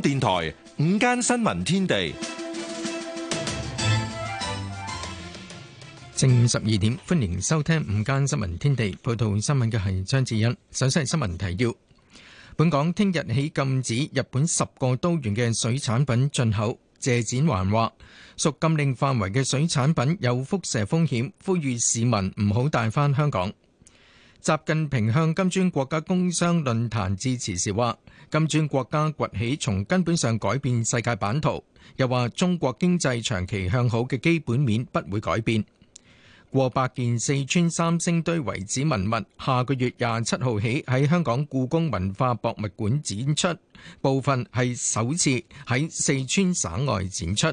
電台午間新聞天地，正午十二點，歡迎收聽午間新聞天地。報道新聞嘅係張智欣。首先係新聞提要：本港聽日起禁止日本十個都元嘅水產品進口。謝展環話，屬禁令範圍嘅水產品有輻射風險，呼籲市民唔好帶返香港。習近平向金磚國家工商論壇致辭時話。金磚國家崛起，從根本上改變世界版圖。又話中國經濟長期向好嘅基本面不會改變。過百件四川三星堆遺址文物，下個月廿七號起喺香港故宮文化博物館展出，部分係首次喺四川省外展出。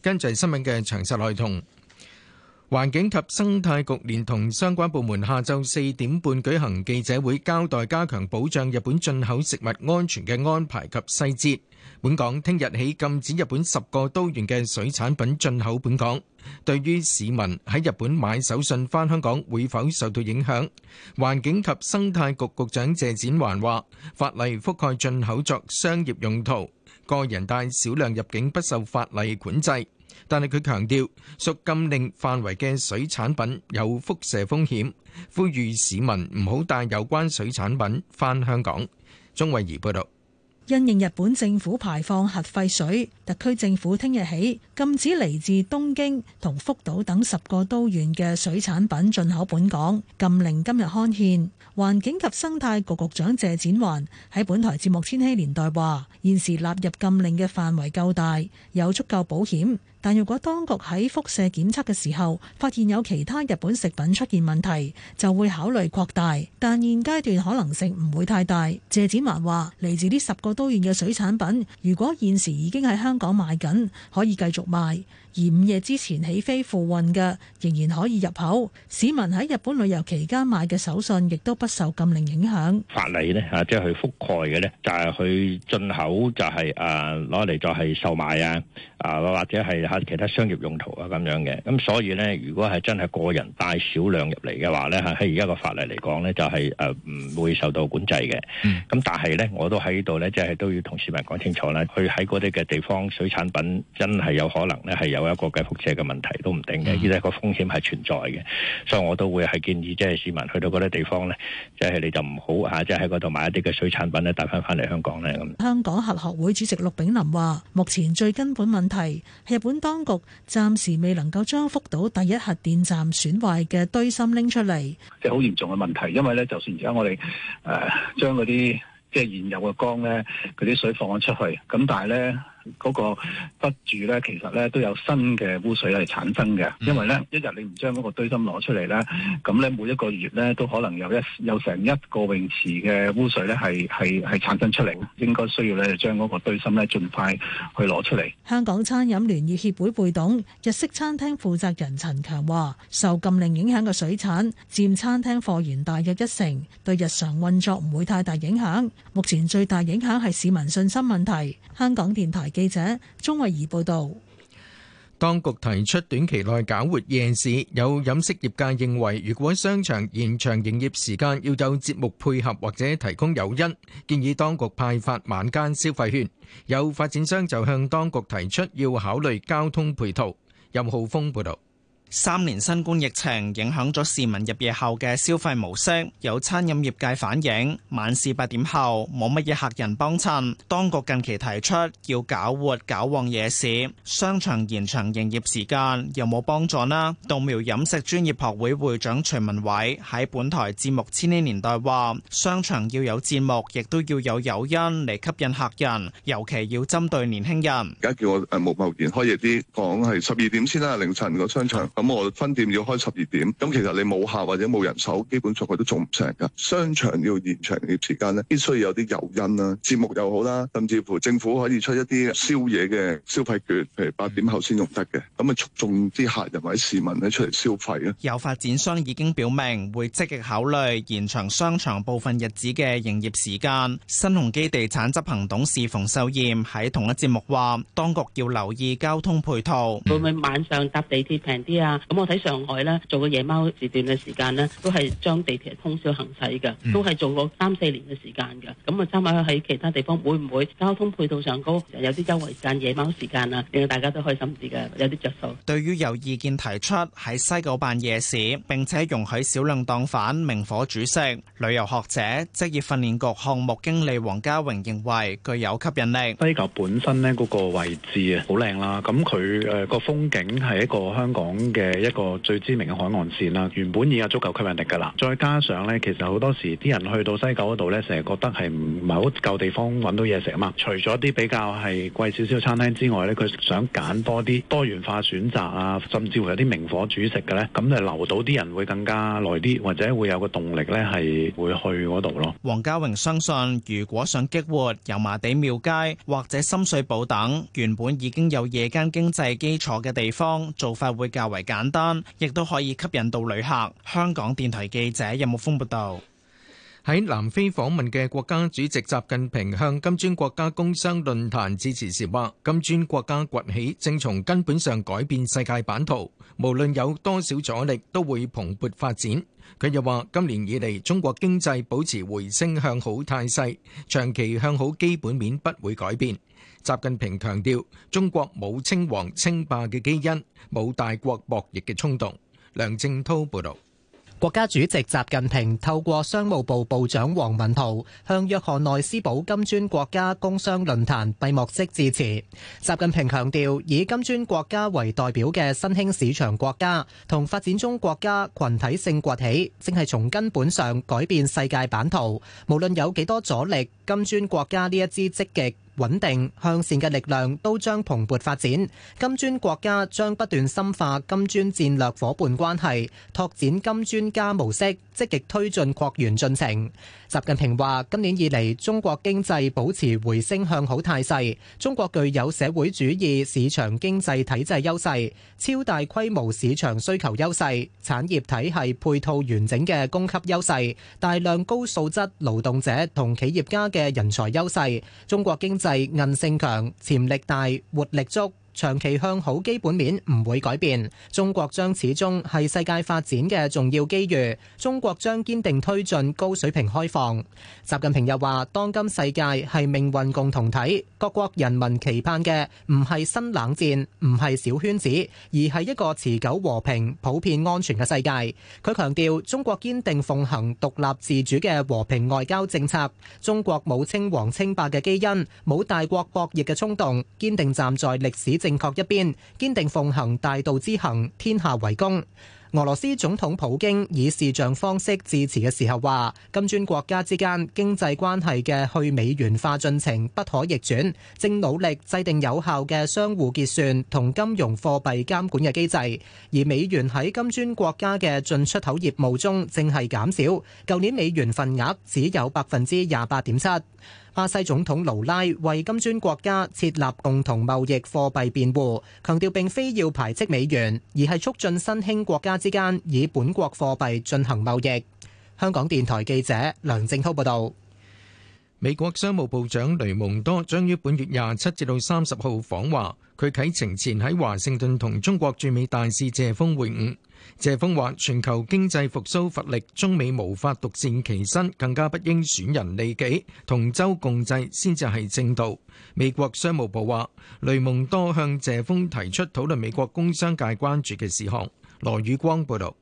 跟住新聞嘅詳實內容。環境及生態局連同相關部門下晝四點半舉行記者會，交代加強保障日本進口食物安全嘅安排及細節。本港聽日起禁止日本十個都縣嘅水產品進口本港。對於市民喺日本買手信返香港會否受到影響，環境及生態局局長謝展環話，法例覆蓋進口作商業用途，個人帶少量入境不受法例管制。但係佢強調，屬禁令範圍嘅水產品有輻射風險，呼籲市民唔好帶有關水產品返香港。鍾慧儀報導。因應日本政府排放核廢水，特區政府聽日起禁止嚟自東京同福島等十個都縣嘅水產品進口本港。禁令今日刊憲。環境及生態局局長謝展環喺本台節目《千禧年代》話：現時納入禁令嘅範圍夠大，有足夠保險。但如果當局喺輻射檢測嘅時候發現有其他日本食品出現問題，就會考慮擴大，但現階段可能性唔會太大。謝子華話：嚟自呢十個都縣嘅水產品，如果現時已經喺香港賣緊，可以繼續賣；而午夜之前起飛赴運嘅，仍然可以入口。市民喺日本旅遊期間買嘅手信，亦都不受禁令影響。法例呢，即係去覆蓋嘅呢，就係、是、去進口就係啊攞嚟就係售賣啊啊或者係。其他商業用途啊咁樣嘅，咁所以呢，如果係真係個人帶少量入嚟嘅話呢，喺而家個法例嚟講呢，就係誒唔會受到管制嘅。咁、嗯、但係呢，我都喺度呢，即係都要同市民講清楚啦。佢喺嗰啲嘅地方水產品真係有可能呢，係有一個嘅輻射嘅問題都唔定嘅，呢個係個風險係存在嘅，所以我都會係建議即係市民去到嗰啲地方呢，即係你就唔好啊，即係喺嗰度買一啲嘅水產品呢，帶翻翻嚟香港呢。咁。香港核學會主席陸炳林話：目前最根本問題係日本。當局暫時未能夠將福島第一核電站損壞嘅堆芯拎出嚟，即係好嚴重嘅問題。因為咧，就算而家我哋誒將嗰啲即係現有嘅缸咧，嗰啲水放咗出去，咁但係咧。嗰個不住咧，其實咧都有新嘅污水係產生嘅，因為咧一日你唔將嗰個堆芯攞出嚟咧，咁咧每一個月咧都可能有一有成一個泳池嘅污水咧係係係產生出嚟，應該需要咧將嗰個堆芯咧盡快去攞出嚟。香港餐飲聯業協會會董、日式餐廳負責人陳強話，受禁令影響嘅水產佔餐廳貨源大約一成，對日常運作唔會太大影響。目前最大影響係市民信心問題。香港電台。記者鍾慧怡報道，當局提出短期內搞活夜市，有飲食業界認為如果商場延長營業時間，要有節目配合或者提供誘因，建議當局派發晚間消費券。有發展商就向當局提出要考慮交通配套。任浩峰報道。三年新冠疫情影響咗市民入夜後嘅消費模式，有餐飲業界反映晚市八點後冇乜嘢客人幫襯。當局近期提出要搞活搞旺夜市，商場延長營業時間，有冇幫助呢？稻苗飲食專業學會會長徐文偉喺本台節目《千禧年代》話：商場要有節目，亦都要有誘因嚟吸引客人，尤其要針對年輕人。而家叫我，誒冒冒險開夜啲講，係十二點先啦，凌晨個商場。咁我分店要開十二點，咁其實你冇客或者冇人手，基本上佢都做唔成噶。商場要延長營業時間咧，必須有啲誘因啦，節目又好啦，甚至乎政府可以出一啲宵夜嘅消費券，譬如八點後先用得嘅，咁啊促眾啲客人或者市民咧出嚟消費啊，有發展商已經表明會積極考慮延長商場部分日子嘅營業時間。新鴻基地產執行董事馮秀艷喺同一節目話，當局要留意交通配套， 會唔會晚上搭地鐵平啲啊？咁我睇上海咧，做個夜貓時段嘅時間咧，都係將地鐵通宵行駛嘅，都係做過三四年嘅時間嘅。咁啊，參考喺其他地方，會唔會交通配套上高，有啲優惠？間夜貓時間啊，令到大家都開心啲嘅，有啲著數。對於有意見提出喺西九辦夜市，並且容許少量檔販明火煮食，旅遊學者職業訓練局項目經理黃家榮認為具有吸引力。西九本身咧嗰個位置啊，好靚啦。咁佢誒個風景係一個香港嘅。誒一個最知名嘅海岸線啦，原本已經有足夠吸引力㗎啦。再加上咧，其實好多時啲人去到西九嗰度咧，成日覺得係唔係好夠地方揾到嘢食啊嘛。除咗啲比較係貴少少餐廳之外咧，佢想揀多啲多元化選擇啊，甚至乎有啲明火煮食嘅咧，咁就留到啲人會更加耐啲，或者會有個動力咧係會去嗰度咯。黃家榮相信，如果想激活油麻地廟街或者深水埗等原本已經有夜間經濟基礎嘅地方，做法會較為簡單，亦都可以吸引到旅客。香港電台記者任木風報導。喺南非訪問嘅國家主席習近平向金磚國家工商論壇致辭時話：金磚國家崛起正從根本上改變世界版圖，無論有多少阻力，都會蓬勃發展。佢又話：今年以嚟，中國經濟保持回升向好態勢，長期向好基本面不會改變。習近平強調，中國冇稱王稱霸嘅基因，冇大國博弈嘅衝動。梁正濤報道，國家主席習近平透過商務部部長王文濤向約翰內斯堡金磚國家工商論壇閉幕式致辭。習近平強調，以金磚國家為代表嘅新興市場國家同發展中國家群體性崛起，正係從根本上改變世界版圖。無論有幾多阻力，金磚國家呢一支積極。穩定向善嘅力量都將蓬勃發展，金磚國家將不斷深化金磚戰略伙伴關係，拓展金磚加模式，積極推進擴員進程。習近平話：今年以嚟，中國經濟保持回升向好態勢。中國具有社會主義市場經濟體制優勢、超大規模市場需求優勢、產業體系配套完整嘅供給優勢、大量高素質勞動者同企業家嘅人才優勢。中國經濟韌性強、潛力大、活力足。長期向好基本面唔會改變，中國將始終係世界發展嘅重要機遇。中國將堅定推進高水平開放。習近平又話：當今世界係命運共同體，各國人民期盼嘅唔係新冷戰，唔係小圈子，而係一個持久和平、普遍安全嘅世界。佢強調中國堅定奉行獨立自主嘅和平外交政策，中國冇稱王稱霸嘅基因，冇大國博弈嘅衝動，堅定站在歷史正確一邊，堅定奉行大道之行，天下為公。俄羅斯總統普京以視像方式致辭嘅時候話：金磚國家之間經濟關係嘅去美元化進程不可逆轉，正努力制定有效嘅相互結算同金融貨幣監管嘅機制。而美元喺金磚國家嘅進出口業務中正係減少，舊年美元份額只有百分之廿八點七。巴西總統盧拉為金磚國家設立共同貿易貨幣辯護，強調並非要排斥美元，而係促進新興國家之間以本國貨幣進行貿易。香港電台記者梁正滔報導，美國商務部長雷蒙多將於本月廿七至到三十號訪華，佢啟程前喺華盛頓同中國駐美大使謝鋒會晤。謝鋒話：全球經濟復甦乏力，中美無法獨善其身，更加不應損人利己，同舟共濟先至係正道。美國商務部話，雷蒙多向謝鋒提出討論美國工商界關注嘅事項。羅宇光報道。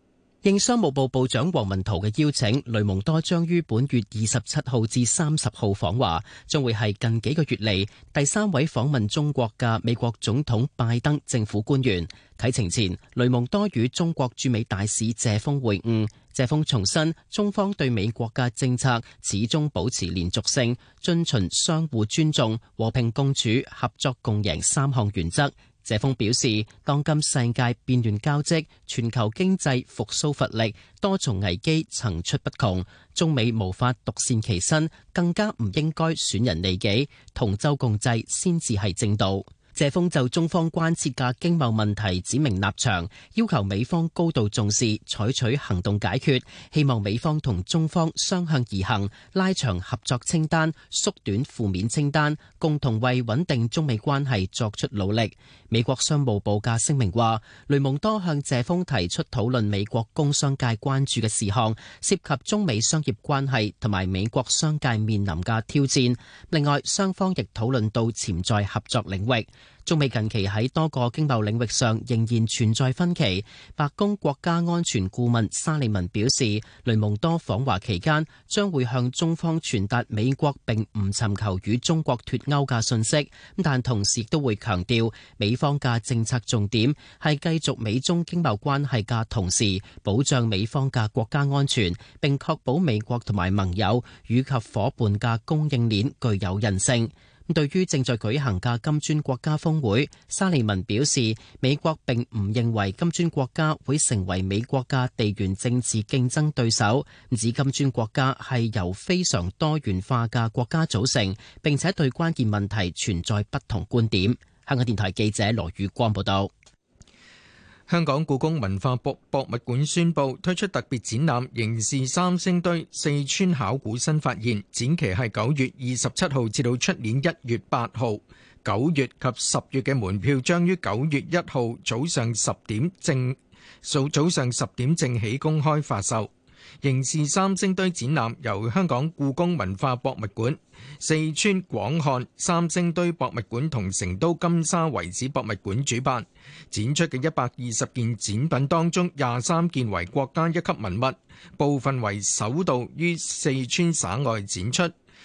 應商務部部長王文濤嘅邀請，雷蒙多將於本月二十七號至三十號訪華，將會係近幾個月嚟第三位訪問中國嘅美國總統拜登政府官員。啟程前，雷蒙多與中國駐美大使謝鋒會晤，謝鋒重申中方對美國嘅政策始終保持連續性，遵循相互尊重、和平共處、合作共贏三項原則。謝鋒表示，當今世界變亂交織，全球經濟復甦乏力，多重危機層出不窮。中美無法獨善其身，更加唔應該損人利己，同舟共濟先至係正道。謝鋒就中方關切嘅經貿問題指明立場，要求美方高度重視，採取行動解決。希望美方同中方相向而行，拉長合作清單，縮短負面清單，共同為穩定中美關係作出努力。美國商務部嘅聲明話，雷蒙多向謝峰提出討論美國工商界關注嘅事項，涉及中美商業關係同埋美國商界面臨嘅挑戰。另外，雙方亦討論到潛在合作領域。中美近期喺多個經貿領域上仍然存在分歧。白宮國家安全顧問沙利文表示，雷蒙多訪華期間將會向中方傳達美國並唔尋求與中國脫歐嘅信息，但同時都會強調美方嘅政策重點係繼續美中經貿關係嘅同時，保障美方嘅國家安全，並確保美國同埋盟友以及伙伴嘅供應鏈具有韌性。對於正在舉行嘅金磚國家峰會，沙利文表示，美國並唔認為金磚國家會成為美國嘅地緣政治競爭對手，指金磚國家係由非常多元化嘅國家組成，並且對關鍵問題存在不同觀點。香港電台記者羅宇光報道。香港故宮文化博博物館宣布推出特別展覽，凝視三星堆四川考古新發現，展期係九月二十七號至到出年一月八號。九月及十月嘅門票將於九月一號早上十點正早上十點正起公開發售。凝視三星堆展覽由香港故宮文化博物館、四川廣漢三星堆博物館同成都金沙遺址博物館主辦，展出嘅一百二十件展品當中，廿三件為國家一級文物，部分為首度於四川省外展出，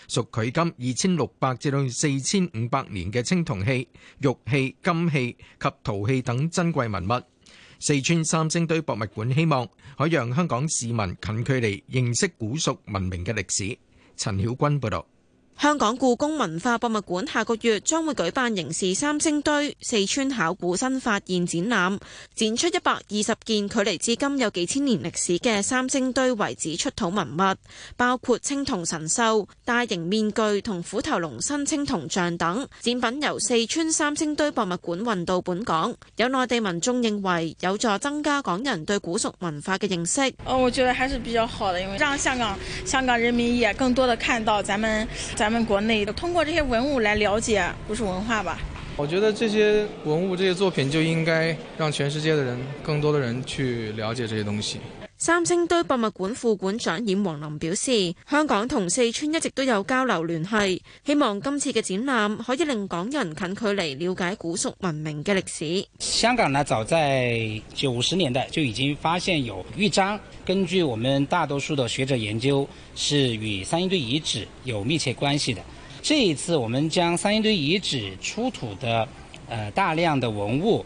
屬距今二千六百至到四千五百年嘅青銅器、玉器、金器及陶器等珍貴文物。四川三星堆博物館希望可以讓香港市民近距離認識古蜀文明嘅歷史。陳曉君報導。香港故宮文化博物館下個月將會舉辦《凝視三星堆四川考古新發現》展覽，展出一百二十件距離至今有幾千年歷史嘅三星堆遺址出土文物，包括青銅神獸、大型面具同虎頭龍身青銅像等。展品由四川三星堆博物館運到本港，有內地民眾認為有助增加港人對古蜀文化嘅認識。我覺得還是比較好嘅，因為讓香港香港人民也更多地看到，咱們，咱們國內通過這些文物來了解古蜀文化吧。我覺得這些文物，這些作品就應該讓全世界的人，更多的人去了解這些東西。三星堆博物館副館長冉黃林表示：香港同四川一直都有交流聯繫，希望今次嘅展覽可以令港人近距離了解古蜀文明嘅歷史。香港呢，早在九十年代就已經發現有玉璋，根據我們大多數的學者研究，是與三星堆遺址有密切關係的。這一次，我們將三星堆遺址出土的，呃，大量的文物。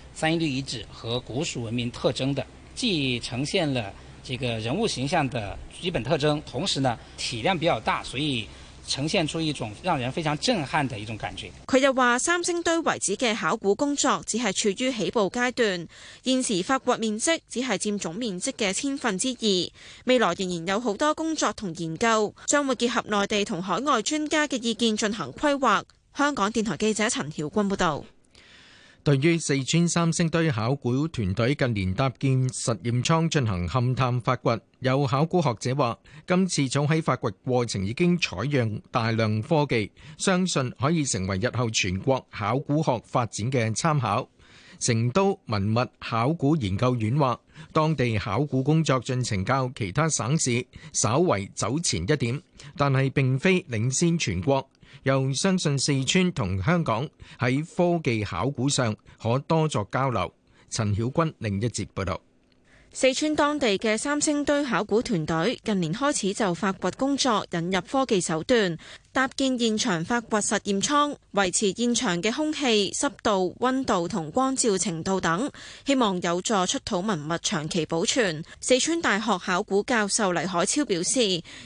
三星堆遺址和古蜀文明特徵的，既呈現了這個人物形象的基本特徵，同時呢體量比較大，所以呈現出一種讓人非常震撼的一種感覺。佢又話三星堆遺址嘅考古工作只係處於起步階段，現時發掘面積只係佔總面積嘅千分之二，未來仍然有好多工作同研究，將會結合內地同海外專家嘅意見進行規劃。香港電台記者陳曉君報道。對於四川三星堆考古團隊近年搭建實驗艙進行勘探發掘，有考古學者話：今次早喺發掘過程已經採用大量科技，相信可以成為日後全國考古學發展嘅參考。成都文物考古研究院話：當地考古工作進程較其他省市稍為走前一點，但係並非領先全國。又相信四川同香港喺科技考古上可多作交流。陳曉君，另一節報道。四川當地嘅三星堆考古團隊近年開始就發掘工作引入科技手段，搭建現場發掘實驗艙，維持現場嘅空氣、濕度、溫度同光照程度等，希望有助出土文物長期保存。四川大學考古教授黎海超表示，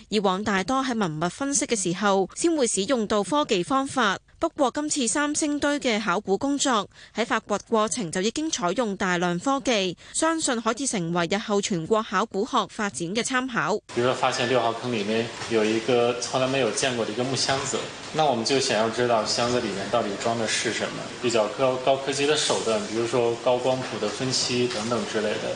以往大多喺文物分析嘅時候先會使用到科技方法。不過今次三星堆嘅考古工作喺發掘過程就已經採用大量科技，相信可以成為日後全國考古學發展嘅參考。比如說，發現六號坑裏面有一個從來沒有見過嘅一個木箱子，那我們就想要知道箱子裏面到底裝的是什麼，比較高高科技的手段，比如說高光譜的分析等等之類的。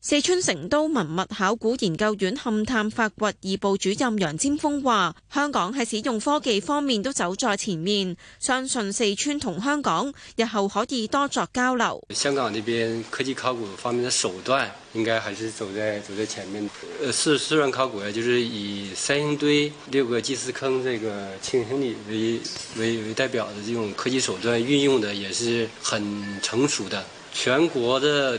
四川成都文物考古研究院勘探發掘二部主任楊占峰話：香港喺使用科技方面都走在前面，相信四川同香港日後可以多作交流。香港呢邊科技考古方面的手段，應該還是走在走在前面。呃，四，四川考古啊，就是以三星堆六個祭祀坑這個情形裏為為為代表的這種科技手段運用的也是很成熟的，全國的。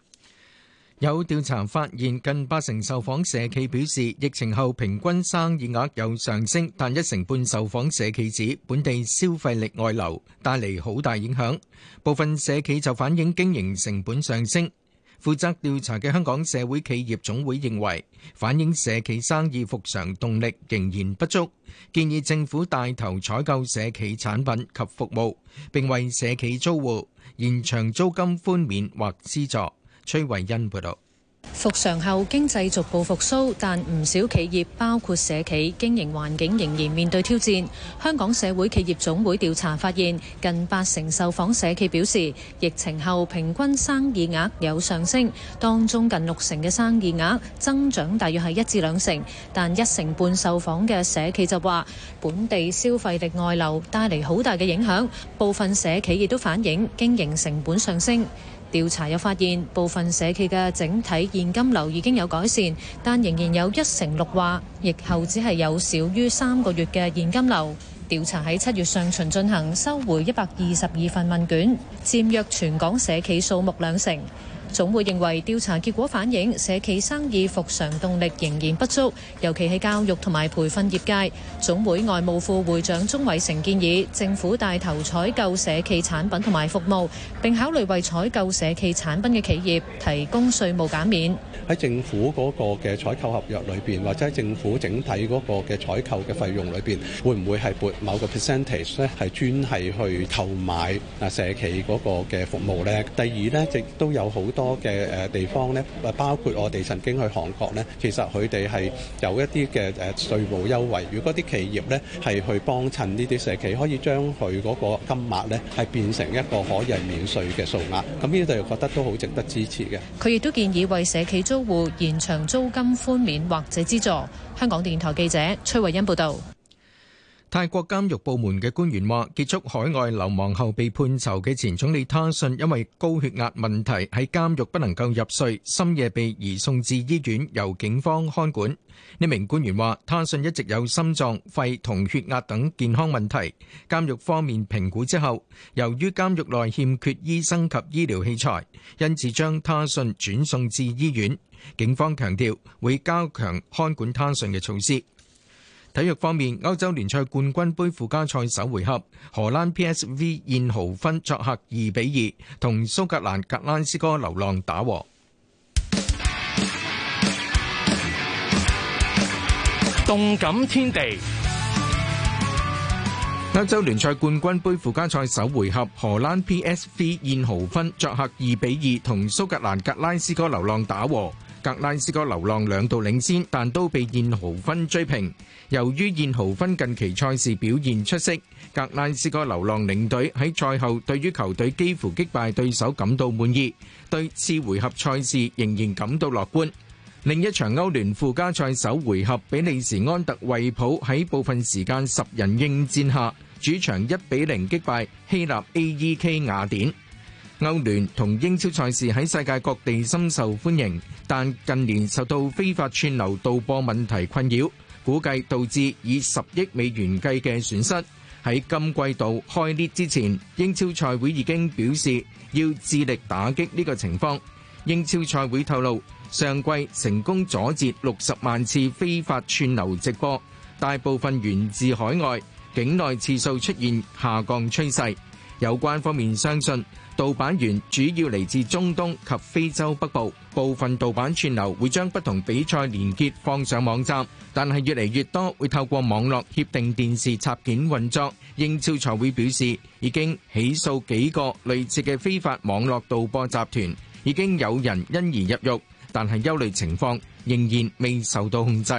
有調查發現，近八成受訪社企表示，疫情後平均生意額有上升，但一成半受訪社企指本地消費力外流帶嚟好大影響，部分社企就反映經營成本上升。負責調查嘅香港社會企業總會認為，反映社企生意復常動力仍然不足，建議政府帶頭採購社企產品及服務，並為社企租戶延長租金寬免或資助。崔慧欣報道：復常後經濟逐步復蘇，但唔少企業，包括社企，經營環境仍然面對挑戰。香港社會企業總會調查發現，近八成受訪社企表示，疫情後平均生意額有上升，當中近六成嘅生意額增長大約係一至兩成，但一成半受訪嘅社企就話，本地消費力外流帶嚟好大嘅影響，部分社企亦都反映經營成本上升。調查又發現，部分社企嘅整體現金流已經有改善，但仍然有一成六話疫後只係有少於三個月嘅現金流。調查喺七月上旬進行，收回一百二十二份問卷，佔約全港社企數目兩成。總會認為調查結果反映社企生意復常動力仍然不足，尤其係教育同埋培訓業界。總會外務副會長鍾偉成建議政府帶頭採購社企產品同埋服務，並考慮為採購社企產品嘅企業提供稅務減免。喺政府嗰個嘅採購合約裏面，或者喺政府整體嗰個嘅採購嘅費用裏面，會唔會係撥某個 percentage 咧？係專係去購買啊社企嗰個嘅服務咧，第二咧亦都有好多。多嘅誒地方咧，包括我哋曾經去韓國，咧，其實佢哋係有一啲嘅誒稅務優惠。如果啲企業呢，係去幫襯呢啲社企，可以將佢嗰個金額呢，係變成一個可以免稅嘅數額，咁呢度又覺得都好值得支持嘅。佢亦都建議為社企租戶延長租金寬免或者資助。香港電台記者崔慧欣報道。泰國監獄部門嘅官員話，結束海外流亡後被判囚嘅前總理他信因為高血壓問題喺監獄不能夠入睡，深夜被移送至醫院，由警方看管。呢名官員話，他信一直有心臟、肺同血壓等健康問題，監獄方面評估之後，由於監獄內欠缺醫生及醫療器材，因此將他信轉送至醫院。警方強調會加強看管他信嘅措施。體育方面，歐洲聯賽冠軍杯附加賽首回合，荷蘭 P S V 燕豪芬作客二比二，同蘇格蘭格拉斯哥流浪打和。動感天地，歐洲聯賽冠軍杯附加賽首回合，荷蘭 P S V 燕豪芬作客二比二，同蘇格蘭格拉斯哥流浪打和。格拉斯哥流浪兩度領先，但都被燕豪芬追平。由於燕豪芬近期賽事表現出色，格拉斯哥流浪領隊喺賽後對於球隊幾乎擊敗對手感到滿意，對次回合賽事仍然感到樂觀。另一場歐聯附加賽首回合，比利時安特衛普喺部分時間十人應戰下，主場一比零擊敗希臘 AEK 雅典。歐聯同英超賽事喺世界各地深受歡迎，但近年受到非法串流盜播問題困擾，估計導致以十億美元計嘅損失。喺今季度開鑼之前，英超賽會已經表示要致力打擊呢個情況。英超賽會透露上季成功阻截盜版源主要嚟自中東及非洲北部，部分盜版串流會將不同比賽連結放上網站，但係越嚟越多會透過網絡協定電視插件運作。英超財會表示，已經起訴幾個類似嘅非法網絡盜播集團，已經有人因而入獄，但係憂慮情況仍然未受到控制。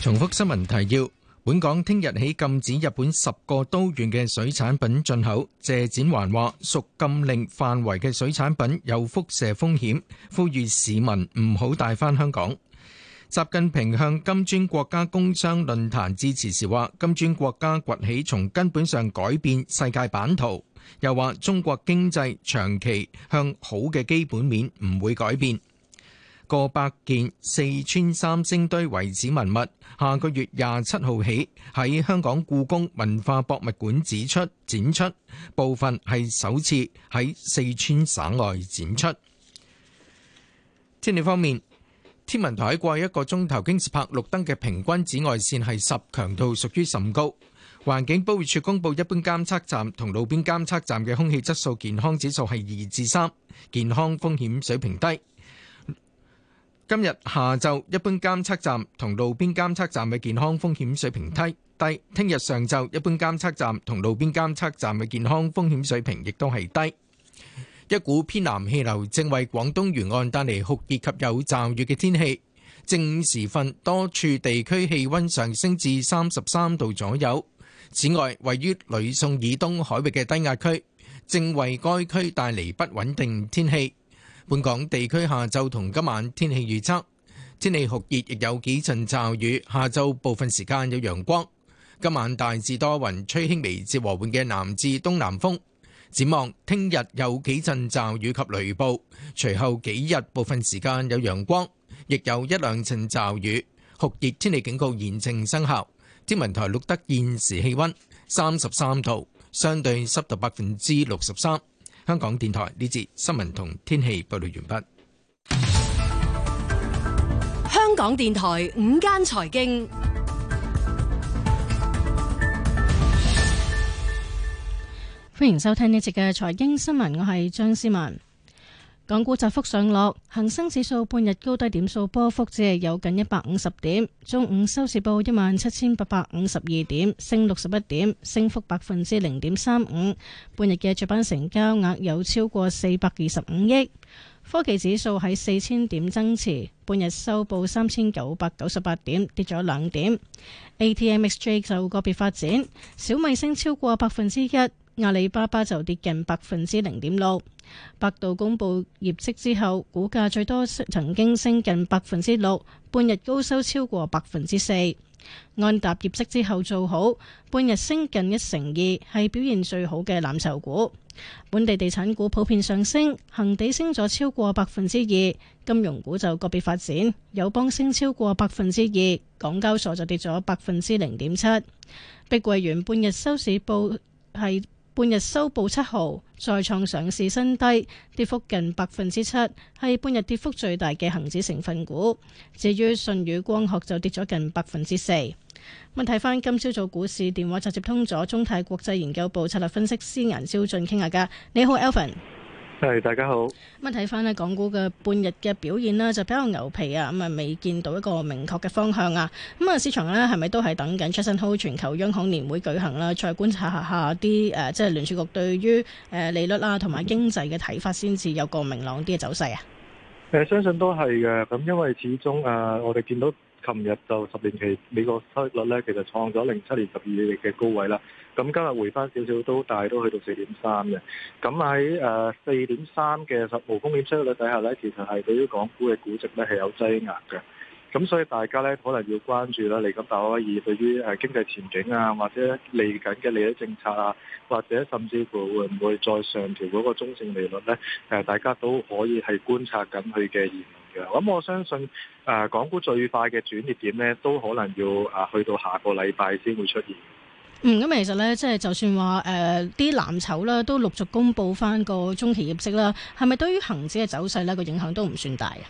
重複新聞提要。本港聽日起禁止日本十個都縣嘅水產品進口。謝展環話，屬禁令範圍嘅水產品有輻射風險，呼籲市民唔好帶返香港。習近平向金磚國家工商論壇致辭時話，金磚國家崛起從根本上改變世界版圖，又話中國經濟長期向好嘅基本面唔會改變。過百件四川三星堆遺址文物，下個月廿七號起喺香港故宮文化博物館展出，部分係首次喺四川省外展出。天氣方面，天文台過去一個鐘頭經時拍綠燈嘅平均紫外線係十強度，屬於甚高。環境保護署公布，一般監測站同路邊監測站嘅空氣質素健康指數係二至三，健康風險水平低。今日下晝，一般監測站同路邊監測站嘅健康風險水平低。低。聽日上晝，一般監測站同路邊監測站嘅健康風險水平亦都係低。一股偏南氣流正為廣東沿岸帶嚟酷熱及有驟雨嘅天氣，正午時分，多處地區氣溫上升至三十三度左右。此外，位於呂宋以東海域嘅低壓區，正為該區帶嚟不穩定天氣。本港地區下晝同今晚天氣預測，天氣酷熱，亦有幾陣驟雨。下晝部分時間有陽光，今晚大致多雲，吹輕微至和緩嘅南至東南風。展望聽日有幾陣驟雨及雷暴，隨後幾日部分時間有陽光，亦有一兩陣驟雨。酷熱天氣警告現正生效。天文台錄得現時氣溫三十三度，相對濕度百分之六十三。香港電台呢節新聞同天氣報道完畢。香港電台午間財經，歡迎收聽呢節嘅財經新聞，我係張思文。港股窄幅上落，恒生指數半日高低點數波幅只係有近一百五十點。中午收市報一萬七千八百五十二點，升六十一點，升幅百分之零點三五。半日嘅主板成交額有超過四百二十五億。科技指數喺四千點增持，半日收報三千九百九十八點，跌咗兩點。A T M X J 就個別發展，小米升超過百分之一，阿里巴巴就跌近百分之零點六。百度公布業績之後，股價最多曾經升近百分之六，半日高收超過百分之四。安踏業績之後做好，半日升近一成二，係表現最好嘅藍籌股。本地地產股普遍上升，恒地升咗超過百分之二。金融股就個別發展，友邦升超過百分之二，港交所就跌咗百分之零點七。碧桂園半日收市報係。半日收報七毫，再創上市新低，跌幅近百分之七，係半日跌幅最大嘅恒指成分股。至於舜宇光學就跌咗近百分之四。咁睇翻今朝早股市電話就接通咗中泰國際研究部策略分析師顏少俊傾下偈，你好，Alvin。係，大家好。咁啊，睇翻咧，港股嘅半日嘅表現咧，就比較牛皮啊，咁啊，未見到一個明確嘅方向啊。咁啊，市場咧係咪都係等緊 Jackson Hole 全球央行年會舉行啦，再觀察下啲誒、呃，即係聯儲局對於誒、呃、利率啊，同埋經濟嘅睇法，先至有個明朗啲嘅走勢啊。誒、呃，相信都係嘅。咁因為始終誒、呃，我哋見到。琴日就十年期美國收益率咧，其實創咗零七年十二月嘅高位啦。咁今日回翻少少都大，大都去到四點三嘅。咁喺誒四點三嘅無風險收益率底下咧，其實係對於港股嘅估值咧係有擠壓嘅。咁、嗯、所以大家咧，可能要關注啦嚟緊。大家可以對於誒、啊、經濟前景啊，或者嚟緊嘅利率政策啊，或者甚至乎會唔會再上調嗰個中性利率咧？誒、啊，大家都可以係觀察緊佢嘅現象嘅。咁、嗯、我相信誒，港、啊、股最快嘅轉捩點咧，都可能要啊去到下個禮拜先會出現。嗯，咁、嗯、其實咧，即係就算話誒啲藍籌咧，都陸續公布翻個中期業績啦，係咪對於恆指嘅走勢咧個影響都唔算大啊？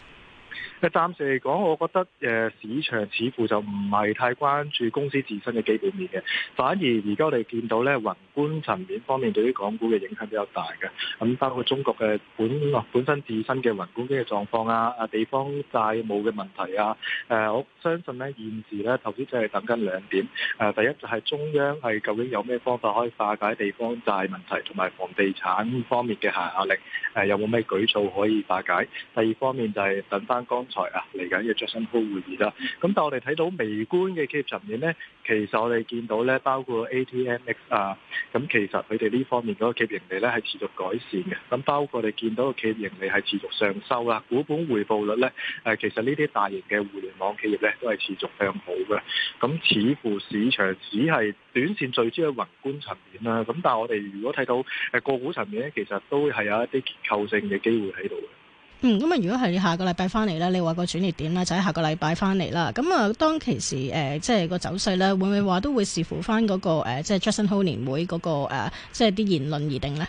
暫時嚟講，我覺得誒市場似乎就唔係太關注公司自身嘅基本面嘅，反而而家我哋見到咧，宏觀層面方面對於港股嘅影響比較大嘅。咁、嗯、包括中國嘅本本身自身嘅宏觀經濟狀況啊，啊地方債務嘅問題啊。誒，我相信呢，現時咧投資者係等緊兩點。誒、啊，第一就係中央係究竟有咩方法可以化解地方債問題同埋房地產方面嘅下壓力？誒、啊，有冇咩舉措可以化解？第二方面就係等翻剛台啊，嚟緊嘅 Jackson Hole 會議啦。咁但係我哋睇到微觀嘅企業層面咧，其實我哋見到咧，包括 ATMX 啊，咁其實佢哋呢方面嗰個企業盈利咧係持續改善嘅。咁包括你哋見到嘅企業盈利係持續上收啦，股本回報率咧，誒、啊、其實呢啲大型嘅互聯網企業咧都係持續向好嘅。咁、嗯、似乎市場只係短線聚焦喺宏觀層面啦。咁、啊、但係我哋如果睇到誒個股層面咧，其實都係有一啲結構，構性嘅機會喺度嘅。嗯，咁啊，如果係下個禮拜翻嚟咧，你話個轉捩點咧就喺下個禮拜翻嚟啦。咁啊，當其時誒，即係個走勢咧，會唔會話都會視乎翻、那、嗰個誒、呃，即係 Jackson Hole 年會嗰、那個誒、呃，即係啲言論而定咧？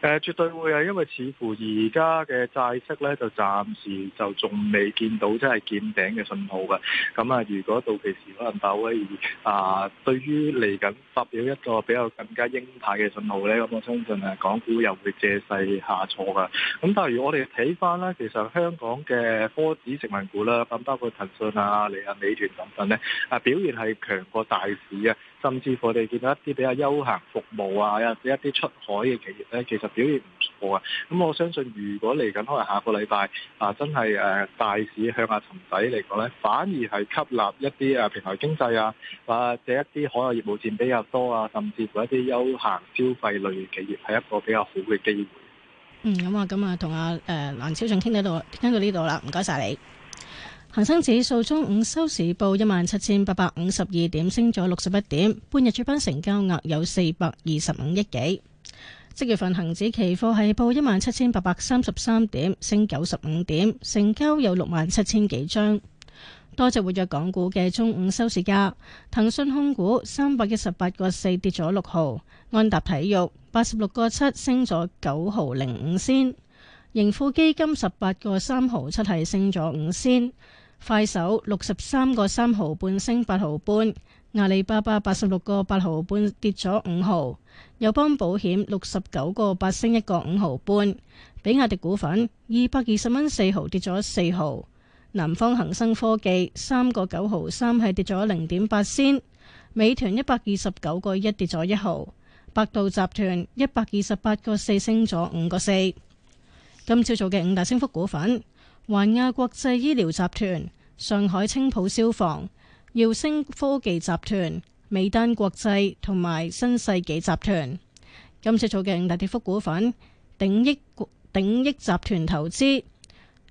誒、呃、絕對會啊，因為似乎而家嘅債息咧，就暫時就仲未見到即係見頂嘅信號嘅。咁、嗯、啊，如果到期時可能鮑威爾啊，對於嚟緊發表一個比較更加鷹派嘅信號咧，咁、嗯、我相信啊，港股又會借勢下挫嘅。咁、嗯、但係如我哋睇翻咧，其實香港嘅科指成分股啦，咁包括騰訊啊、嚟啊、美團等等咧，啊、呃、表現係強過大市啊。甚至乎我哋見到一啲比較休閒服務啊，或者一啲出海嘅企業咧，其實表現唔錯啊！咁我相信，如果嚟緊可能下個禮拜啊，真係誒大市向下尋底嚟講咧，反而係吸納一啲啊平台經濟啊，或、啊、者一啲海外業務佔比較多啊，甚至乎一啲休閒消費類嘅企業，係一個比較好嘅機會。嗯，咁啊，咁、呃、啊，同阿誒藍超俊傾到呢度啦，唔該晒你。恒生指數中午收市報一萬七千八百五十二點，升咗六十一點。半日主板成交額有四百二十五億幾。即月份恒指期貨係報一萬七千八百三十三點，升九十五點，成交有六萬七千幾張。多隻活躍港股嘅中午收市價，騰訊控股三百一十八個四跌咗六毫，安踏體育八十六個七升咗九毫零五仙，盈富基金十八個三毫七係升咗五仙。快手六十三個三毫半升八毫半，阿里巴巴八十六個八毫半跌咗五毫，友邦保險六十九個八升一個五毫半，比亞迪股份二百二十蚊四毫跌咗四毫，南方恒生科技三個九毫三係跌咗零點八仙，美團一百二十九個一跌咗一毫，百度集團一百二十八個四升咗五個四，今朝早嘅五大升幅股份。環亞國際醫療集團、上海青浦消防、耀星科技集團、美丹國際同埋新世紀集團今次做嘅大跌幅股份，鼎益、鼎益集團投資、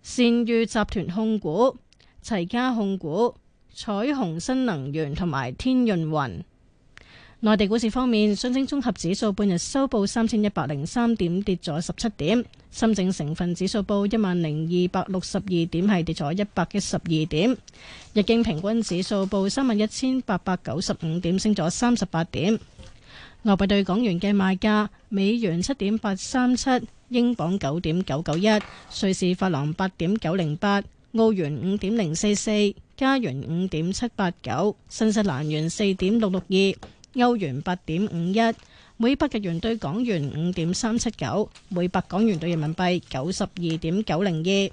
善譽集團控股、齊家控股、彩虹新能源同埋天潤雲。內地股市方面，上證綜合指數半日收報三千一百零三點，跌咗十七點；深證成分指數報一萬零二百六十二點，係跌咗一百一十二點；日經平均指數報三萬一千八百九十五點，升咗三十八點。外幣兌港元嘅賣價：美元七點八三七，英鎊九點九九一，瑞士法郎八點九零八，澳元五點零四四，加元五點七八九，新西蘭元四點六六二。歐元八點五一，每百日元兌港元五點三七九，每百港元兌人民幣九十二點九零二。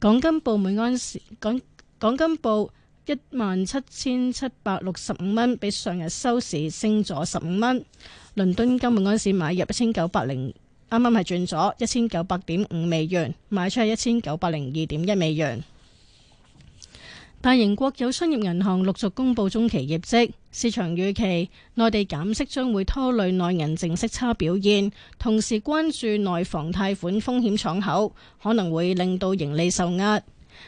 港金報每安士港港金報一萬七千七百六十五蚊，比上日收市升咗十五蚊。倫敦金每安士買入一千九百零，啱啱係轉咗一千九百點五美元，賣出係一千九百零二點一美元。大型國有商業銀行陸續公布中期業績，市場預期內地減息將會拖累內銀淨息差表現，同時關注內房貸款風險敞口可能會令到盈利受壓。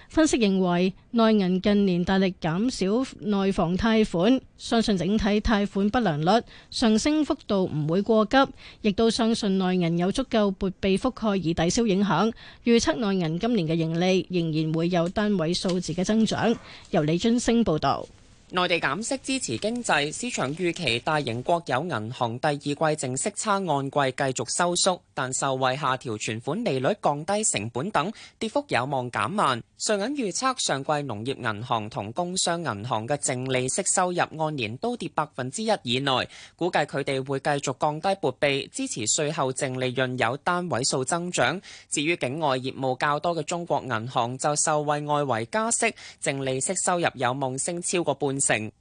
分析認為，內銀近年大力減少內房貸款，相信整體貸款不良率上升幅度唔會過急，亦都相信內銀有足夠撥備覆蓋而抵消影響。預測內銀今年嘅盈利仍然會有單位數字嘅增長。由李津升報導。內地減息支持經濟，市場預期大型國有銀行第二季淨息差按季繼續收縮，但受惠下調存款利率、降低成本等，跌幅有望減慢。瑞銀預測上季農業銀行同工商銀行嘅淨利息收入按年都跌百分之一以內，估計佢哋會繼續降低撥備，支持稅後淨利潤有單位數增長。至於境外業務較多嘅中國銀行，就受惠外圍加息，淨利息收入有望升超過半。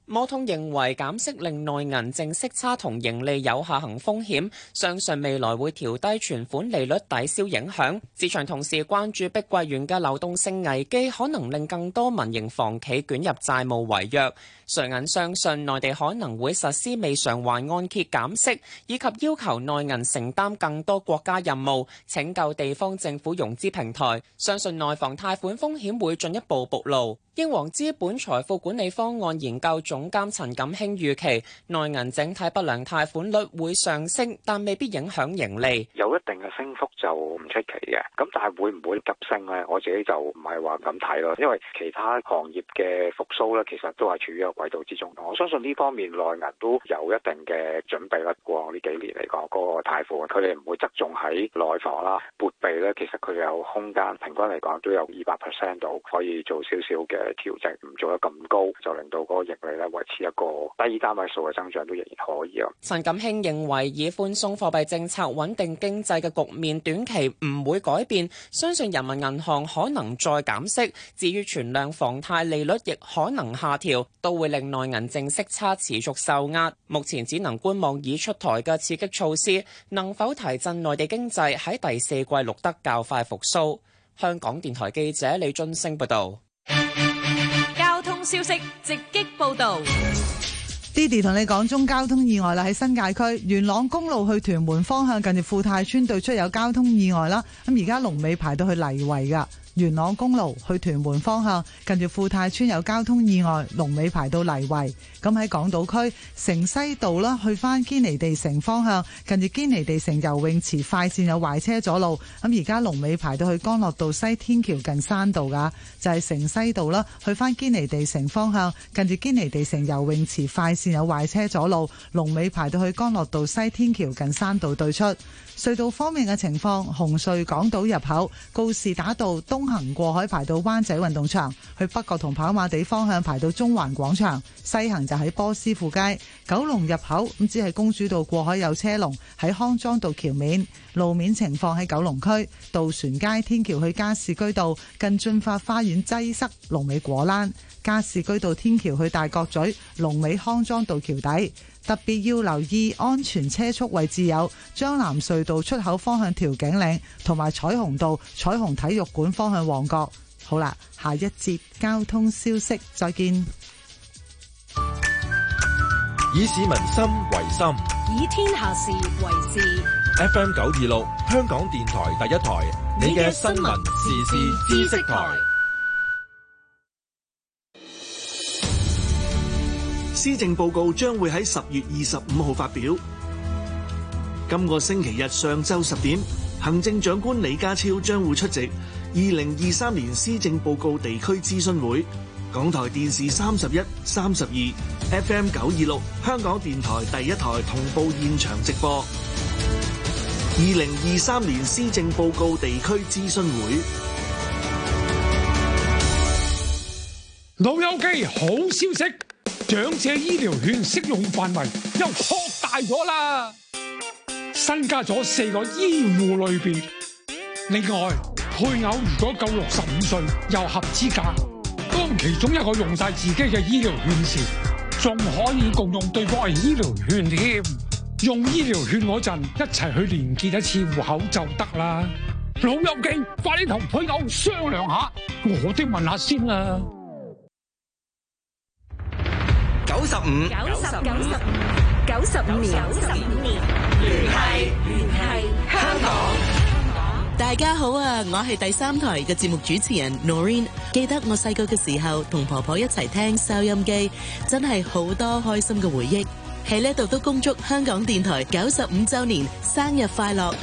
摩通認為減息令內銀淨息差同盈利有下行風險，相信未來會調低存款利率抵消影響。市場同時關注碧桂園嘅流動性危機，可能令更多民營房企捲入債務違約。瑞銀相信內地可能會實施未償還按揭減息，以及要求內銀承擔更多國家任務，拯救地方政府融資平台。相信內房貸款風險會進一步暴露。英皇資本財富管理方案。研究總監陳錦興預期內銀整體不良貸款率會上升，但未必影響盈利。有一定嘅升幅就唔出奇嘅，咁但係會唔會急升咧？我自己就唔係話咁睇咯，因為其他行業嘅復甦咧，其實都係處於一個軌道之中。我相信呢方面內銀都有一定嘅準備啦。過呢幾年嚟講，嗰個貸款，佢哋唔會側重喺內房啦，撥備咧。其實，佢哋有空間，平均嚟講都有二百 percent 度，可以做少少嘅調整，唔做得咁高就令到我認為嚟維持一個低單位數嘅增長都仍然可以啊。陳錦興認為以寬鬆貨幣政策穩定經濟嘅局面短期唔會改變，相信人民銀行可能再減息，至於存量房貸利率亦可能下調，都會令內銀淨息差持續受壓。目前只能觀望已出台嘅刺激措施能否提振內地經濟喺第四季錄得較快復甦。香港電台記者李津升報導。消息直擊報道，Diddy 同你講，中交通意外啦，喺新界區元朗公路去屯門方向，近住富泰村對出有交通意外啦，咁而家龍尾排到去泥圍㗎。元朗公路去屯門方向，近住富泰村有交通意外，龍尾排到泥圍。咁喺港島區城西道啦，去返堅尼地城方向，近住堅尼地城游泳池快線有壞車阻路。咁而家龍尾排到去江樂道西天橋近山道㗎，就係、是、城西道啦，去返堅尼地城方向，近住堅尼地城游泳池快線有壞車阻路，龍尾排到去江樂道西天橋近山道對出。隧道方面嘅情況，紅隧港島入口告士打道東行過海排到灣仔運動場，去北角同跑馬地方向排到中環廣場；西行就喺波斯富街，九龍入口咁只係公主道過海有車龍，喺康莊道橋面路面情況喺九龍區渡船街天橋去加士居道近俊發花園擠塞，龍尾果欄；加士居道天橋去大角咀龍尾康莊道橋底。特別要留意安全車速位置，有將南隧道出口方向調景嶺，同埋彩虹道彩虹體育館方向旺角。好啦，下一節交通消息再見。以市民心為心，以天下事為事。FM 九二六，26，香港電台第一台，你嘅新聞時事知識台。施政報告將會喺十月二十五號發表。今個星期日上晝十點，行政長官李家超將會出席二零二三年施政報告地區諮詢會。港台電視三十一、三十二、FM 九二六，香港電台第一台同步現場直播二零二三年施政報告地區諮詢會。老友記，好消息。長者醫療券適用範圍又擴大咗啦，新加咗四個醫護類別。另外，配偶如果夠六十五歲又合資格，當其中一個用晒自己嘅醫療券時，仲可以共用對方嘅醫療券添。用醫療券嗰陣，一齊去連結一次戶口就得啦。老友記，快啲同配偶商量下，我哋問下先啦。九十五，九十五，九十五年，聯繫聯繫香港。大家好啊，我係第三台嘅節目主持人 Noreen。記得我細個嘅時候同婆婆一齊聽收音機，真係好多開心嘅回憶。喺呢度都恭祝香港電台九十五周年生日快樂。